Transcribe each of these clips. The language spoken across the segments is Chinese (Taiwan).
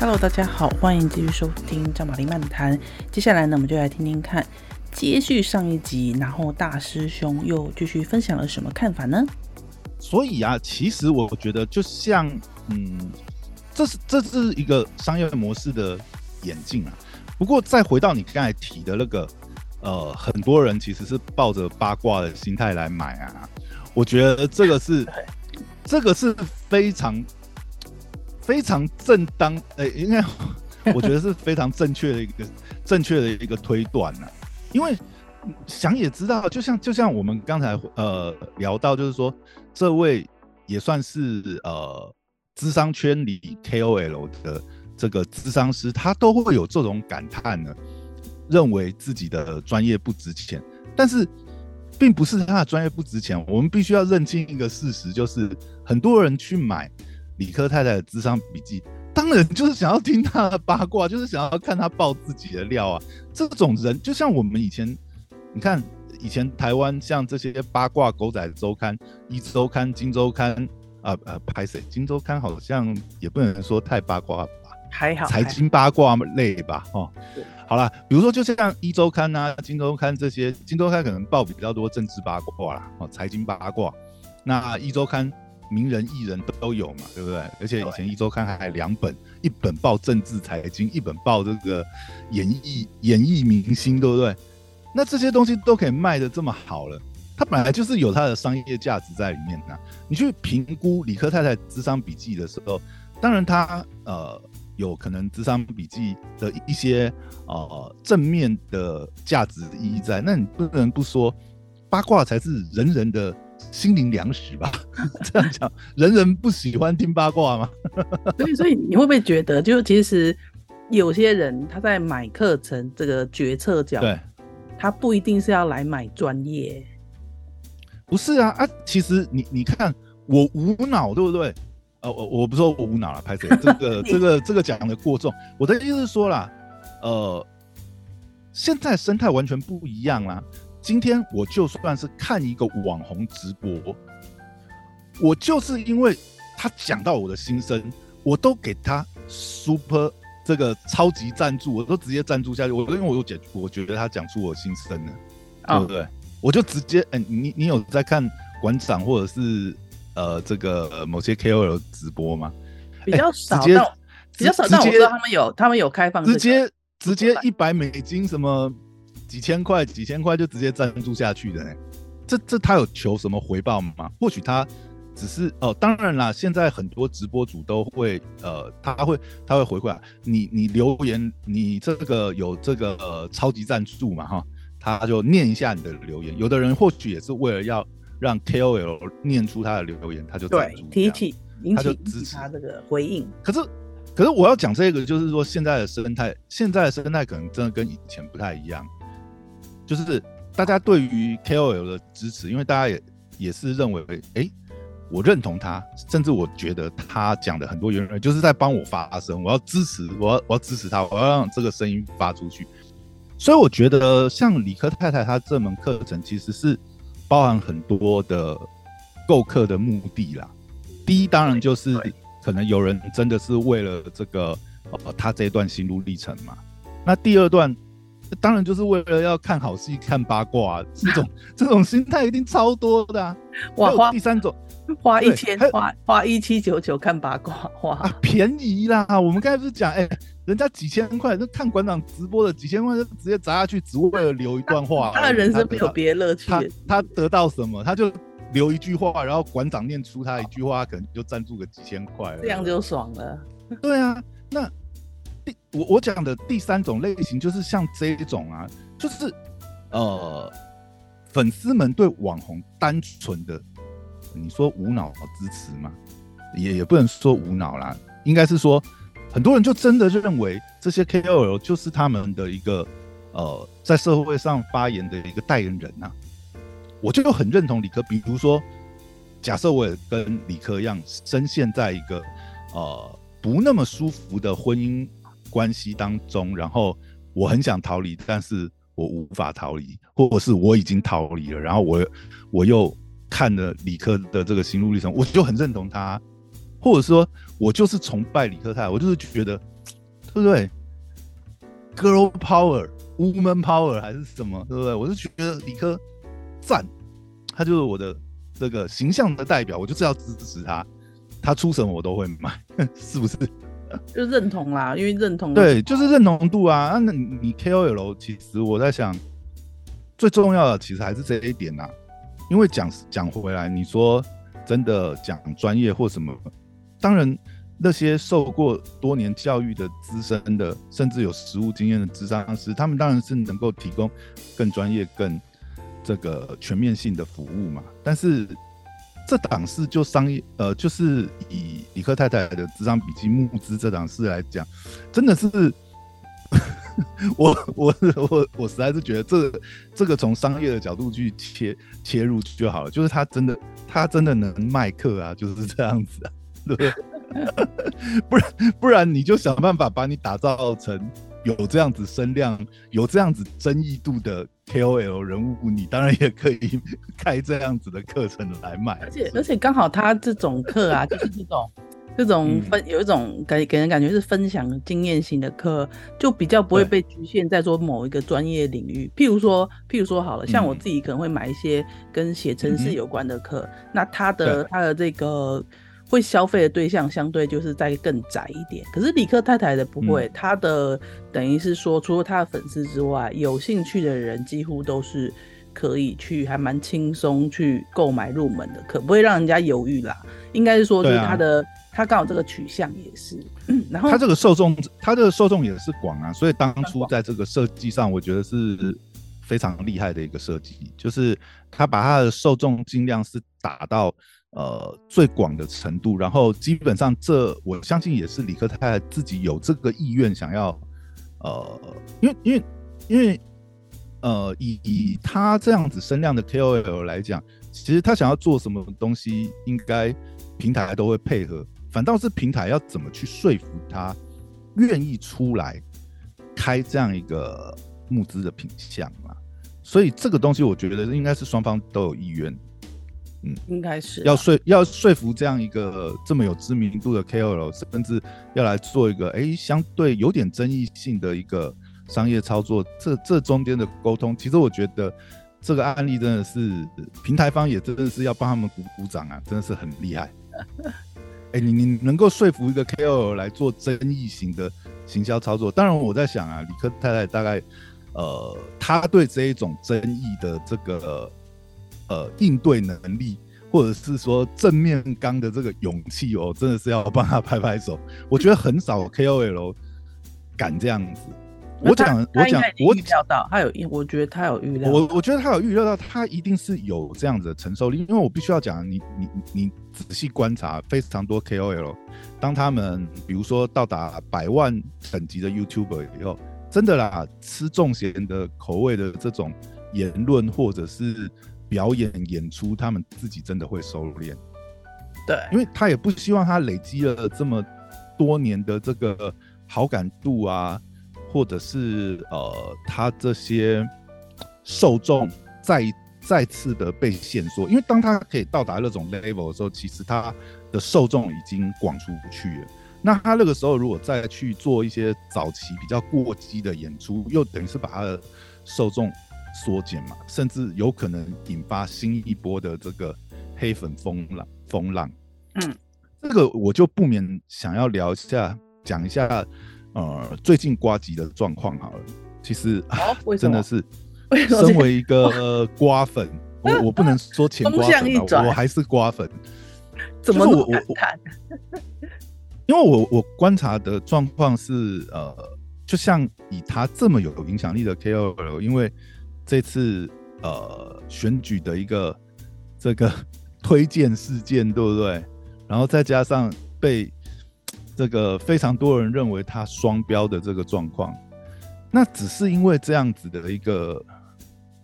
Hello，大家好，歡迎繼續收聽張瑪麗漫談。接下來呢，我們就來聽聽看，接續上一集，然後大師兄又繼續分享了什麼看法呢？所以啊，其實我覺得，就像嗯，這是這是一個商業模式的演進啊。不過再回到你剛才提的那個，呃，很多人其實是抱着八卦的心態來買啊。我覺得這個是， 這個是非常。非常正當，誒、欸，應該我覺得是非常正確的一個 正確的一個推斷呢、啊。因為想也知道，就像就像我們剛才呃聊到，就是說這位也算是呃諮商圈裡 KOL 的這個諮商師，他都會有這種感嘆呢，認為自己的專業不值錢。但是並不是他的專業不值錢，我們必須要認清一個事實，就是很多人去買。理科太太的諮商筆記，當然就是想要聽她的八卦，就是想要看她爆自己的料啊！這種人就像我們以前，你看以前台灣像這些八卦狗仔週刊，一週刊、金週刊啊呃，拍、呃、誰？金週刊好像也不能說太八卦吧，還好財經八卦類吧，好哦，對 好啦，比如說就像一週刊啊、金週刊這些，金週刊可能爆比比較多政治八卦啦，哦，財經八卦，那一週刊。名人藝人都有嘛，對不對？而且以前一周刊還兩本，對一本報政治財經，一本報這個演藝演藝明星，對不對？那這些東西都可以賣得這麼好了，它本來就是有它的商業價值在裡面吶、啊。你去評估理科太太《諮商筆記》的時候，當然她呃有可能《諮商筆記》的一些呃正面的價值的意義在，那你不能不說八卦才是人人的。心靈糧食吧，這樣講。 人人不喜歡聽八卦嗎？所 以，所以你會不會覺得，就其實有些人他在買課程，這個決策角，對他不一定是要來買專業。不是啊，啊，其實你你看，我無腦對不對？呃，我我不說我無腦了，拍這個 你 這個這個講的過重。我的意思是說啦，呃，現在生態完全不一樣了。今天我就算是看一個網紅直播，我就是因為他講到我的心聲，我都給他 super 這個超級贊助，我都直接贊助下去。我就因為我覺我覺得他講出我心聲了，哦、對不對？我就直接哎，你你有在看館長或者是、呃、這個某些 KOL 直播嗎？比較少到，比較少到，接但我覺得他們有，他們有開放直，直接直接一百美金什麼。幾千塊，幾千塊就直接贊助下去的呢？這這他有求什麼回報嗎？或許他只是哦，當然啦，現在很多直播主都會呃，他會他會回饋啊，你你留言，你這個有這個呃超級贊助嘛哈，他就念一下你的留言。有的人或許也是為了要讓 KOL 念出他的留言，他就對，提起引起他就支持，引起他這個回應。可是可是我要講這個，就是說現在的生態，現在的生態可能真的跟以前不太一樣。就是大家對於 KOL 的支持，因為大家也也是認為，哎、欸，我認同他，甚至我覺得他講的很多言論，就是在幫我發聲，我要支持，我要我要支持他，我要讓這個聲音發出去。所以我覺得，像理科太太她這門課程其實是包含很多的購課的目的啦。第一，當然就是可能有人真的是為了這個，呃，他這一段心路歷程嘛。那第二段。當然就是為了要看好戲、看八卦、啊 這，這種這種心態一定超多的啊！哇，第三種花,花一千對還花花一七九九看八卦，花、啊、便宜啦！我們剛才不是講，哎、欸，人家幾千塊就看館長直播的，幾千塊就直接砸下去，只為了留一段話。 他, 他的人生沒有別的樂趣，他他得到什麼？他就留一句話，然後館長念出他一句話，可能就贊助個幾千塊，這樣就爽了。對啊，那。我我講的第三種類型就是像這種啊，就是呃，粉絲們對網紅單純的，你說無腦支持嗎？也也不能說無腦啦，應該是說很多人就真的認為這些 KOL 就是他們的一個呃，在社會上發言的一個代言人吶、啊。我就很認同理科，比如說，假設我也跟理科一樣，深陷在一個呃不那麼舒服的婚姻，關係當中，然後我很想逃離，但是我無法逃離，或者是我已經逃離了，然後我我又看了理科的這個心路歷程，我就很認同他，或者說，我就是崇拜理科太太，我就是覺得，對不對？Girl Power、Woman Power 還是什麼，對不對？我就覺得理科讚，他就是我的這個形象的代表，我就是要支持他，他出什麼我都會買，是不是？就認同啦，因為認同對，就是認同度啊。那你 KOL 其實我在想，最重要的其實還是這一點啦、啊，因為講講回來，你說真的講專業或什麼，當然那些受過多年教育的資深的，甚至有實務經驗的諮商師，他們當然是能夠提供更專業、更這個全面性的服務嘛。但是。這檔事就商業，呃，就是以理科太太的諮商筆記募資這檔事來講，真的是， 我我我我實在是覺得這個、這個從商業的角度去切切入就好了，就是他真的他真的能賣課啊，就是這樣子，啊，對不對？ 不然不然你就想辦法把你打造成。有這樣子聲量、有這樣子爭議度的 KOL 人物，你當然也可以開這樣子的課程來賣。而且而且，剛好他這種課啊， 就是這種這種分、嗯、有一種給給人感覺是分享經驗型的課，就比較不會被局限在說某一個專業領域。對譬如說譬如說好了，嗯、像我自己可能會買一些跟寫程式有關的課，嗯嗯，那他的對他的這個。會消費的對象相對就是再更窄一點，可是理科太太的不會，嗯、他的等於是說，除了他的粉絲之外，有興趣的人幾乎都是可以去，還蠻輕鬆去購買入門的，可不會讓人家猶豫啦。應該是說是他的、啊、他剛好這個取向也是，嗯、然後他這個受眾，他這個受眾也是廣啊，所以當初在這個設計上，我覺得是非常厲害的一個設計，就是他把他的受眾儘量是打到。呃，最廣的程度，然後基本上這我相信也是理科太太自己有這個意願想要，呃，因為因為因為呃，以以他這樣子聲量的 KOL 來講，其實他想要做什麼東西，應該平台都會配合。反倒是平台要怎麼去說服他願意出來開這樣一個募資的品項嘛？所以這個東西，我覺得應該是雙方都有意願。嗯，應該是、啊、要說要說服這樣一個這麼有知名度的 KOL，甚至要來做一個哎，相對有點爭議性的一個商業操作，這這中間的溝通，其實我覺得這個案例真的是平台方也真的是要幫他們鼓鼓掌啊，真的是很厲害。哎， 你你能夠說服一個 KOL 來做爭議型的行銷操作，當然我在想啊，理科太太大概呃，他對這一種爭議的這個。呃，應對能力，或者是說正面剛的這個勇氣哦，真的是要幫他拍拍手。我覺得很少 K O L 敢這樣子。嗯、我講講，我講，我預料到他我有，我覺得他有預料到。我我覺得他有預料到，他一定是有這樣子的承受力。因為我必須要講，你你你仔細觀察非常多 K O L，當他們比如說到達百萬等級的 YouTuber 以後，真的啦，吃重鹹的口味的這種言論，或者是。表演演出，他們自己真的會收斂，對，因為他也不希望他累積了這麼多年的這個好感度啊，或者是呃，他這些受眾再再次的被限縮，因為當他可以到達那種 level 的時候，其實他的受眾已經廣出不去了。那他那個時候如果再去做一些早期比較過激的演出，又等於是把他的受眾。縮減嘛，甚至有可能引發新一波的這個黑粉風浪風浪。嗯，這個我就不免想要聊一下，講一下，呃，最近呱吉的狀況好了。其實、哦、真的是，為什麼？身為一個瓜粉，哇我我不能說前瓜粉、啊、我還是瓜粉。怎麼，麼是我我我？因為我我觀察的狀況是，呃，就像以他這麼有有影響力的 KOL，因為這次呃選舉的一個這個推薦事件，對不對？然後再加上被這個非常多人認為他雙標的這個狀況，那只是因為這樣子的一個，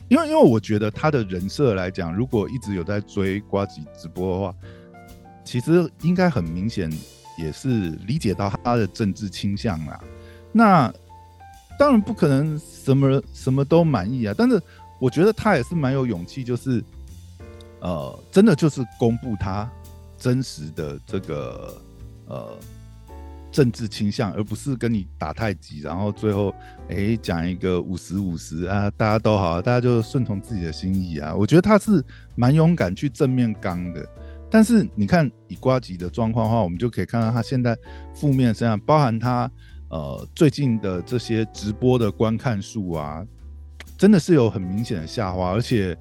因為因為我覺得他的人設來講，如果一直有在追呱吉直播的話，其實應該很明顯也是理解到他的政治傾向啦。那當然不可能什麼什麼都滿意啊！但是我覺得他也是蠻有勇氣，就是呃，真的就是公布他真實的這個呃政治傾向，而不是跟你打太極，然後最後誒，講一個五十五十啊，大家都好，大家就順從自己的心意啊。我覺得他是蠻勇敢去正面剛的。但是你看以瓜吉的狀況的話，我們就可以看到他現在負面身上包含他。呃，最近的這些直播的觀看數啊，真的是有很明顯的下滑，而且，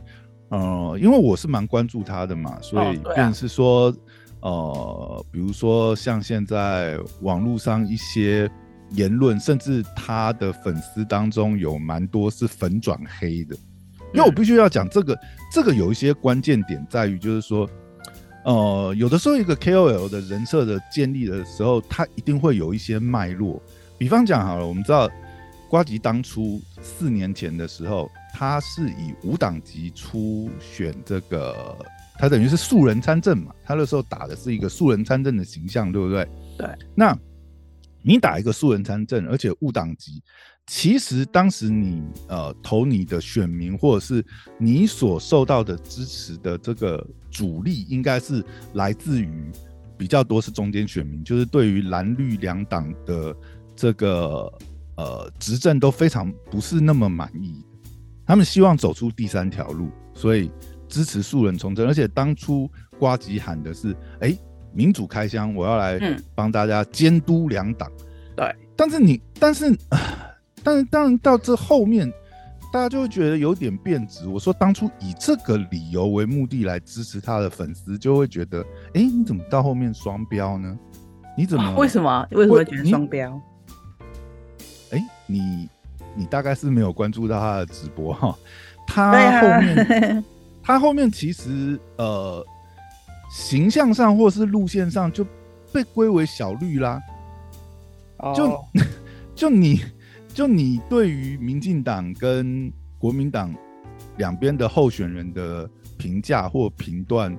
呃，因為我是蠻關注他的嘛，所以變成是說，哦啊、呃，比如說像現在網絡上一些言論，甚至他的粉絲當中有蠻多是粉轉黑的，因為我必須要講這個，嗯、這個有一些關鍵點在於，就是說，呃，有的時候一個 KOL 的人設的建立的時候，他一定會有一些脈絡。比方講好了，我們知道呱吉當初四年前的時候，他是以無黨籍出選，這個他等於是素人參政嘛，他那時候打的是一個素人參政的形象，對不對？對。那你打一個素人參政，而且無黨籍，其實當時你呃投你的選民，或者是你所受到的支持的這個主力，應該是來自於比較多是中間選民，就是對於藍綠兩黨的。這個呃，執政都非常不是那麼滿意，他們希望走出第三條路，所以支持素人從政。而且當初呱吉喊的是：“哎，民主開箱，我要來幫大家監督兩黨。嗯”對。但是你，但是，但是，當然到這後面，大家就會覺得有點變質。我說，當初以這個理由為目的來支持他的粉絲，就會覺得：“哎，你怎麼到後面雙標呢？你怎麼為什麼為什麼會覺得雙標？”欸、你你大概是沒有關注到他的直播哈、哦，他後面對、啊、 他後面其實呃，形象上或是路線上就被歸為小綠啦、啊、就、oh. 就你就你對於民進黨跟國民黨兩邊的候選人的評價或評斷。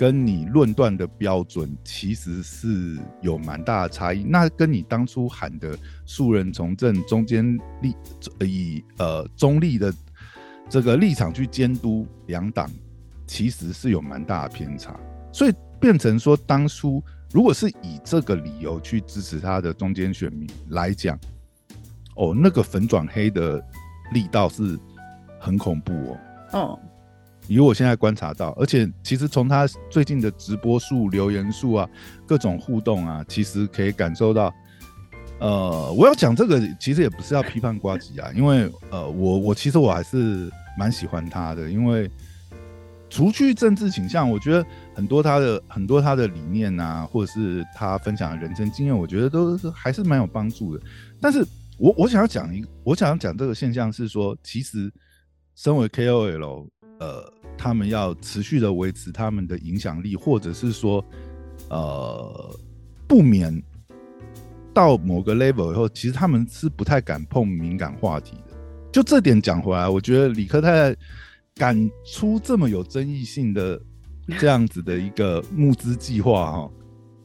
跟你論斷的標準其實是有蠻大的差異，那跟你當初喊的「素人從政」中間立以呃，中立的這個立場去監督兩黨，其實是有蠻大的偏差，所以變成說當初如果是以這個理由去支持他的中間選民來講，哦，那個粉轉黑的力道是很恐怖哦。嗯、哦。以我現在觀察到，而且其實從他最近的直播數、留言數啊，各種互動啊，其實可以感受到。呃，我要講這個，其實也不是要批判呱吉啊，因為呃，我我其實我還是蠻喜歡他的，因為除去政治傾向，我覺得很多他的很多他的理念啊，或者是他分享的人生經驗，我覺得都是還是蠻有幫助的。但是，我我想要講一個，我想要講這個現象是說，其實身為 KOL，呃。他們要持續的維持他們的影響力，或者是說，呃，不免到某個 level 以後，其實他們是不太敢碰敏感話題的。就這點講回來，我覺得理科太太敢出這麼有爭議性的這樣子的一個募資計劃哦，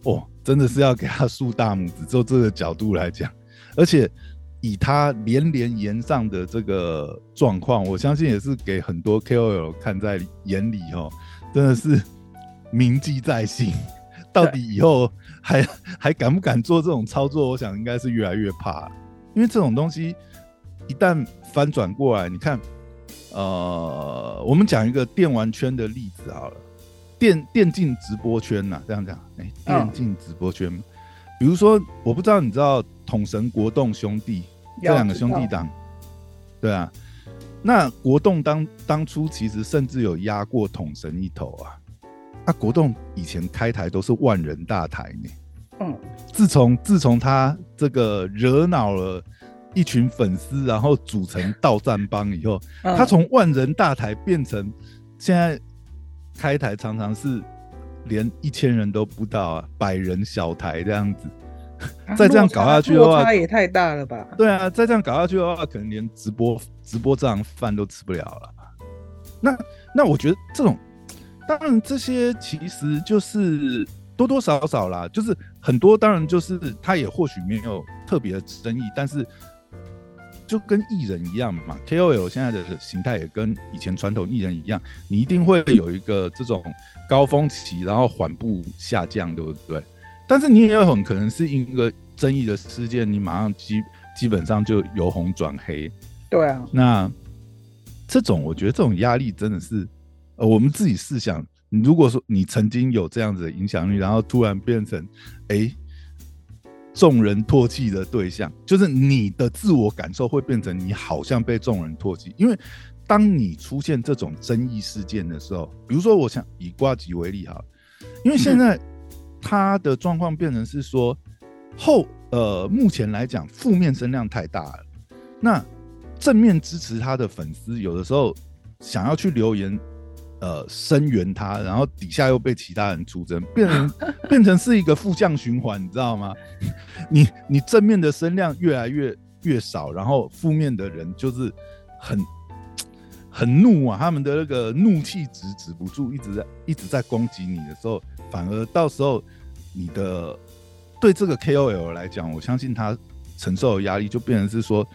哦，真的是要給他豎大拇指。就這個角度來講，而且。以他連連炎上的這個狀況，我相信也是給很多 KOL 看在眼裡哦，真的是銘記在心。對到底以後還還敢不敢做這種操作？我想應該是越來越怕、啊，因為這種東西一旦翻轉過來，你看，呃，我們講一個電玩圈的例子好了，電電競直播圈吶、啊，這樣講，哎、欸，電競直播圈，嗯、比如說，我不知道你知道統神國棟兄弟。這兩個兄弟檔，對啊，那國棟當當初其實甚至有壓過統神一頭啊。那、啊、國棟以前開台都是萬人大台呢、欸。嗯，自從自從他這個惹惱了一群粉絲，然後組成道戰幫以後，嗯、他從萬人大台變成現在開台常常是連一千人都不到，啊，百人小台這樣子。啊、再這樣搞下去的話，啊、差差也太大了吧？對啊，再這樣搞下去的話，可能連直播直播這行飯都吃不了了。那那我覺得這種，當然這些其實就是多多少少啦，就是很多當然就是他也或許沒有特別的爭議，但是就跟藝人一樣嘛，KOL 現在的形態也跟以前傳統藝人一樣，你一定會有一個這種高峰期，然後緩步下降，對不對？但是你也有很可能是因一個爭議的事件，你馬上基基本上就由紅轉黑，對啊。那這種我覺得這種壓力真的是，呃，我們自己試想，如果說你曾經有這樣子的影響力，然後突然變成哎，欸，眾人唾棄的對象，就是你的自我感受會變成你好像被眾人唾棄，因為當你出現這種爭議事件的時候，比如說我想以呱吉為例哈，因為現在、嗯。他的狀況變成是說後，後呃目前來講，負面聲量太大了。那正面支持他的粉絲有的時候想要去留言，呃聲援他，然後底下又被其他人出征，變成變成是一個負向循環，你知道嗎？ 你你正面的聲量越來越越少，然後負面的人就是很。很怒啊！他們的那個怒氣值止，止不住，一直在一直在攻擊你的時候，反而到時候你的對這個 KOL 來講，我相信他承受的壓力就變成是說，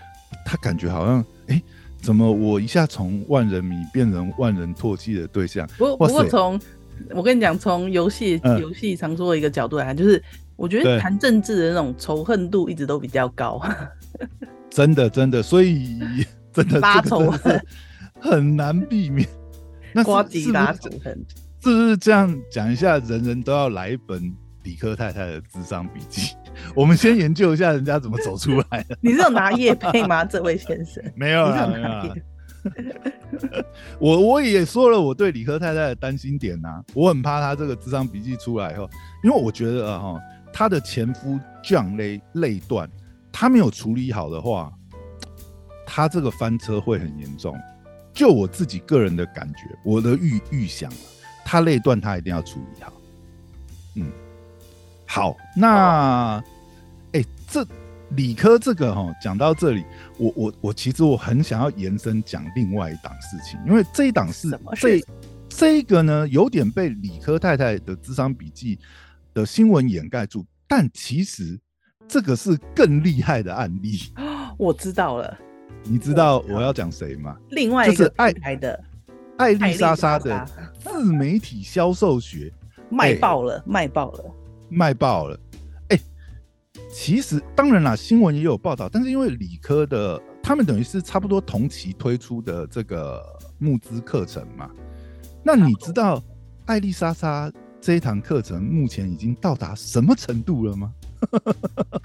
他感覺好像哎、欸，怎麼我一下從萬人迷變成萬人唾棄的對象？不，不過不過，從塞我跟你講，從遊戲遊戲常說的一個角度來講，就是我覺得談政治的那種仇恨度一直都比較高。真的真的，所以真的發愁。八頭 很難避免。那是，是不是這樣講一下，人人都要來一本理科太太的諮商筆記。 我們先研究一下人家怎麼走出來的。 你是有拿葉配嗎？ 這位先生沒有。我我也說了，我對理科太太的擔心點啊，我很怕她這個諮商筆記出來以後，因為我覺得哈，她、呃、的前夫將肋肋斷，他沒有處理好的話，他這個翻車會很嚴重。就我自己個人的感覺，我的預預想、啊，他那一段他一定要處理好。嗯，好，那，哎、哦欸，這理科這個哈、哦，講到這裡，我我我其實我很想要延伸講另外一檔事情，因為這一檔是被這，這個呢有點被理科太太的諮商筆記的新聞掩蓋住，但其實這個是更厲害的案例。我知道了。你知道我要講誰嗎、哦？另外就是愛的愛莉莎、莎莎的自媒體銷售學賣爆了，欸、賣爆了，賣爆了！哎、欸，其實當然啦，新聞也有報道，但是因為理科的他們等於是差不多同期推出的這個募資課程嘛。那你知道愛莉莎莎這一堂課程目前已經到達什麼程度了嗎？哎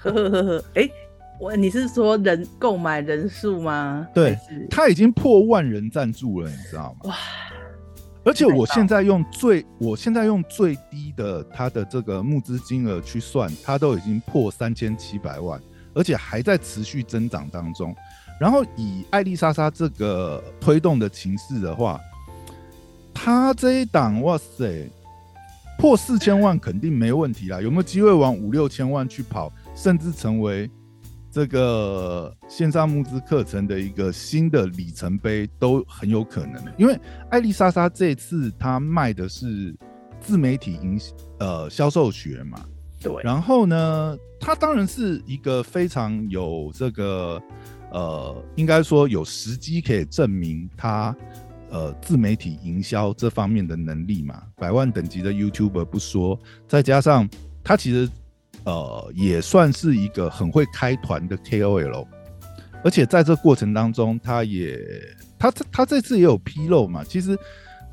呵呵呵。欸我，你是說人購買人數嗎？對，是他已經破萬人贊助了，你知道嗎？哇！而且我現在用最，我現在用最低的他的這個募資金額去算，他都已經破三千七百萬，而且還在持續增長當中。然後以愛莉莎莎這個推動的形式的話，他這一檔，哇塞，破四千萬肯定沒問題啦。欸、有沒有機會往五六千萬去跑，甚至成為？這個線上募資課程的一個新的里程碑都很有可能，因為艾莉莎莎這次她賣的是自媒體營銷呃銷售學嘛，對，然後呢，她當然是一個非常有這個呃，應該說有時機可以證明她呃自媒體營銷這方面的能力嘛，百萬等級的 YouTuber 不說，再加上她其實。呃，也算是一個很會開團的 KOL，而且在這過程當中他、他也他這他這次也有披露嘛。其實，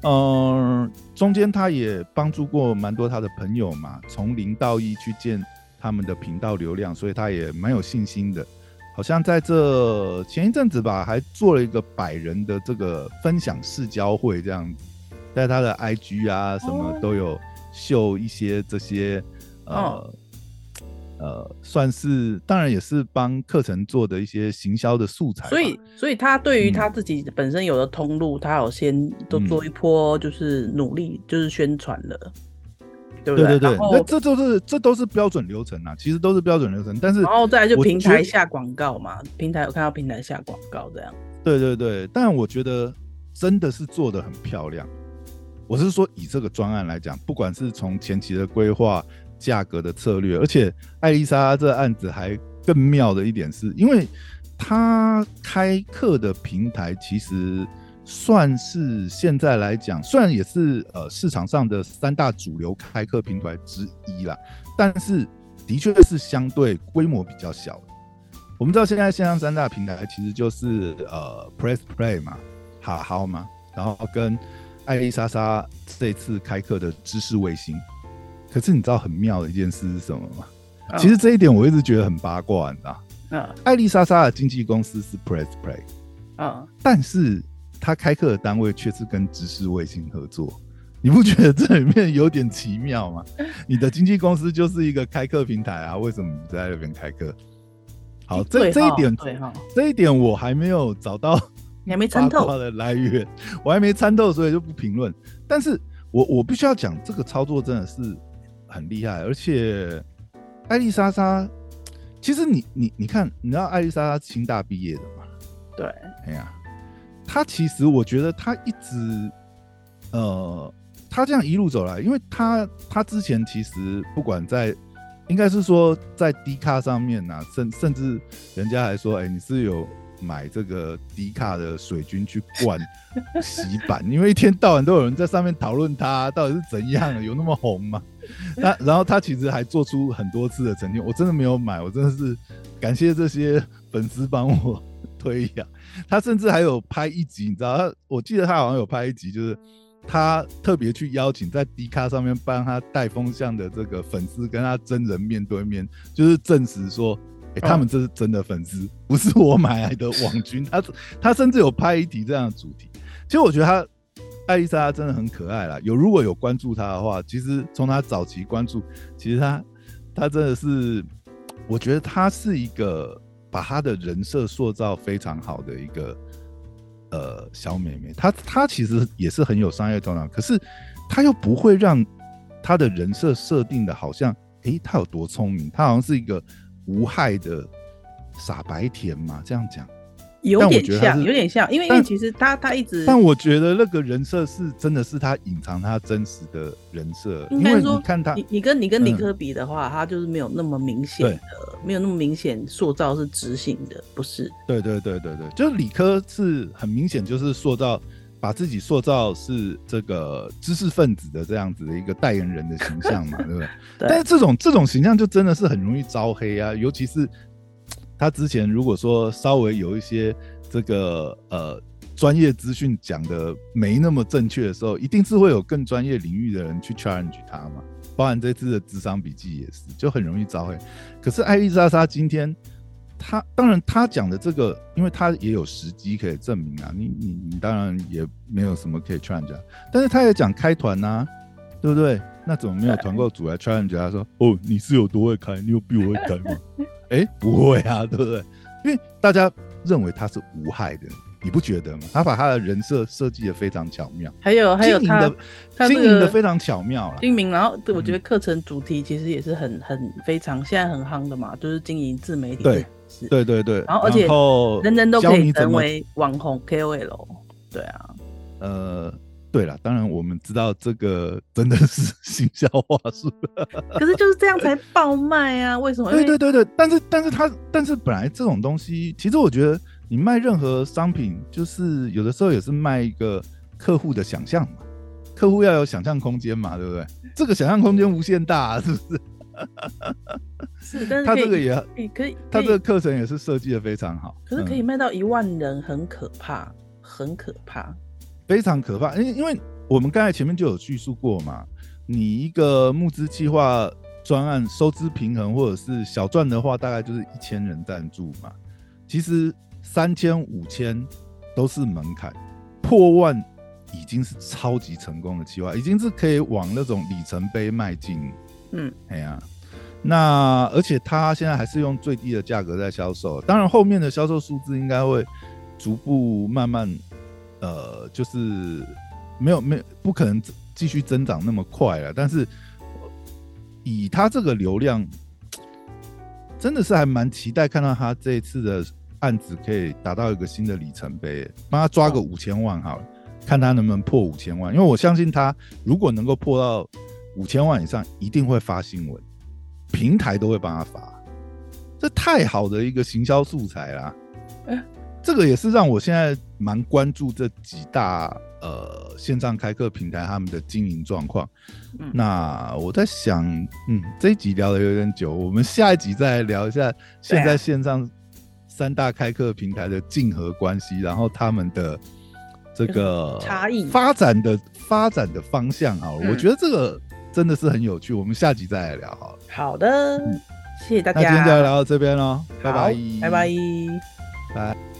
嗯、呃，中間他也幫助過蠻多他的朋友嘛，從零到一去見他們的頻道流量，所以他也蠻有信心的。好像在這前一陣子吧，還做了一個百人的這個分享式交會這樣，在他的 IG 啊什麼都有秀一些這些、oh. 呃。Oh. 呃，算是當然也是幫課程做的一些行銷的素材，所以所以他對於他自己本身有的通路，嗯、他有先都做一波，就是努力，嗯、就是宣傳了，對不對？對對對，那後這都、就是這都是標準流程啊，其實都是標準流程，但是然後再來就平台下廣告嘛，我平台有看到平台下廣告這樣，對對對，但我覺得真的是做得很漂亮，我是說以這個專案來講，不管是從前期的規劃。價格的策略，而且艾麗莎莎這案子，還更妙的一點是，因為她開課的平台其實算是現在來講，雖然也是呃市場上的三大主流開課平台之一啦，但是的確是相對規模比較小的。我們知道現在線上三大平台其實就是呃 Press Play 嘛、哈好好嘛，然後跟艾麗莎莎這次開課的知識衛星。可是你知道很妙的一件事是什麼嗎？Oh. 其實這一點我一直覺得很八卦，你知道嗯，oh. 艾麗莎莎的經紀公司是 Press Play，oh. 但是他開課的單位卻是跟知識衛星合作，你不覺得這裡面有點奇妙嗎？ 你的經紀公司就是一個開課平台啊，為什麼你在那邊開課？好，哦、這這一點，哦、這一點我還沒有找到，你還沒參透，八卦的來源，我還沒參透，所以就不評論。但是我我必須要講，這個操作真的是。很厲害，而且艾麗莎莎，其實你你你看，你知道艾麗莎莎清大畢業的嘛？對，哎呀，她其實我覺得她一直，呃，她這樣一路走來，因為她她之前其實不管在，應該是說在 D 卡上面啊，甚甚至人家還說，哎、欸，你是，是有買這個 D 卡的水軍去灌洗版， 因為一天到晚都有人在上面討論她到底是怎樣、啊，有那麼紅嗎？ 那然後他其實還做出很多次的澄清，我真的沒有買，我真的是感謝這些粉絲幫我推呀。他甚至還有拍一集，你知道，他我記得他好像有拍一集，就是他特別去邀請在 Dcard 上面幫他帶風向的這個粉絲，跟他真人面對面，就是證實說，哎、欸，他們這是真的粉絲，嗯、不是我買來的網軍。他 他甚至有拍一集這樣的主題，其實我覺得他。愛莉莎真的很可愛啦！有，如果有關注她的話，其實從她早期關注，其實她她真的是，我覺得她是一個把她的人設塑造非常好的一個呃小妹妹。她她其實也是很有商業頭腦，可是她又不會讓她的人設設定的好像，誒、欸，她有多聰明？她好像是一個無害的傻白甜嘛？這樣講。有點像，有點像，因為，因為其實他但他一直。但我覺得那個人設是真的是他隱藏他真實的人設，因為你看他，你跟你跟理科比的話，嗯、他就是沒有那麼明顯的，對沒有那麼明顯塑造是知性的，不是。對對對對對，就是理科是很明顯，就是塑造把自己塑造是這個知識分子的這樣子的一個代言人的形象嘛， 對不對？對但是這種這種形象就真的是很容易招黑啊，尤其是。他之前如果說稍微有一些這個呃專業資訊講的沒那麼正確的時候，一定是會有更專業領域的人去 challenge 他嘛。包含這次的諮商筆記也是，就很容易招黑。可是艾莉莎莎今天，他當然他講的這個，因為他也有時機可以證明啊。你你你當然也沒有什麼可以 challenge，啊。但是他也講開團吶、啊，對不對？那怎麼沒有團購主來 challenge，啊、他說？哦，你是有多會開？你有比我會開嗎？ 哎、欸，不會啊，對不對？因為大家認為他是無害的，你不覺得嗎？他把他的人設設計的非常巧妙，還有還有他經營的、這個、非常巧妙了。經營，然後我覺得課程主題其實也是很、嗯、很非常現在很夯的嘛，就是經營自媒體。對，對對對。然後而且人人都可以成為網紅 KOL 了。對啊，呃。對了，當然我們知道這個真的是行銷話術， 可是就是這樣才爆賣啊！為什麼？對對對對，但是但是他但是本來這種東西，其實我覺得你賣任何商品，就是有的時候也是賣一個客戶的想象嘛，客戶要有想象空間嘛，對不對？這個想象空間無限大啊，是不是？ 是，但是他這個也也可以，可以，他這個課程也是設計的非常好，可是可以賣到一萬人，嗯，很可怕，很可怕。非常可怕，因因為我們剛才前面就有敘述過嘛，你一個募資計劃專案收支平衡或者是小賺的話，大概就是一千人贊助嘛。其實三千、五千都是門檻，破萬已經是超級成功的計劃，已經是可以往那種里程碑邁進。嗯，哎呀，那而且他現在還是用最低的價格在銷售，當然後面的銷售數字應該會逐步慢慢。呃，就是沒有沒有不可能繼續增長那麼快了。但是以他這個流量，真的是還蠻期待看到他這一次的案子可以達到一個新的里程碑，幫他抓個五千萬好了，哦、看他能不能破五千萬。因為我相信他如果能夠破到五千萬以上，一定會發新聞，平台都會幫他發。這太好的一個行銷素材啦！呃這個也是讓我現在蠻關注這幾大呃線上開課平台他們的經營狀況。嗯、那我在想，嗯，這一集聊得有點久，我們下一集再來聊一下現在線上三大開課平台的競合關係，啊、然後他們的這個的差異、發展的發展的方向啊，嗯、我覺得這個真的是很有趣，我們下集再來聊好了。好的，嗯、謝謝大家，今天就來聊到這邊嘍、哦，好拜拜，拜拜，拜,拜。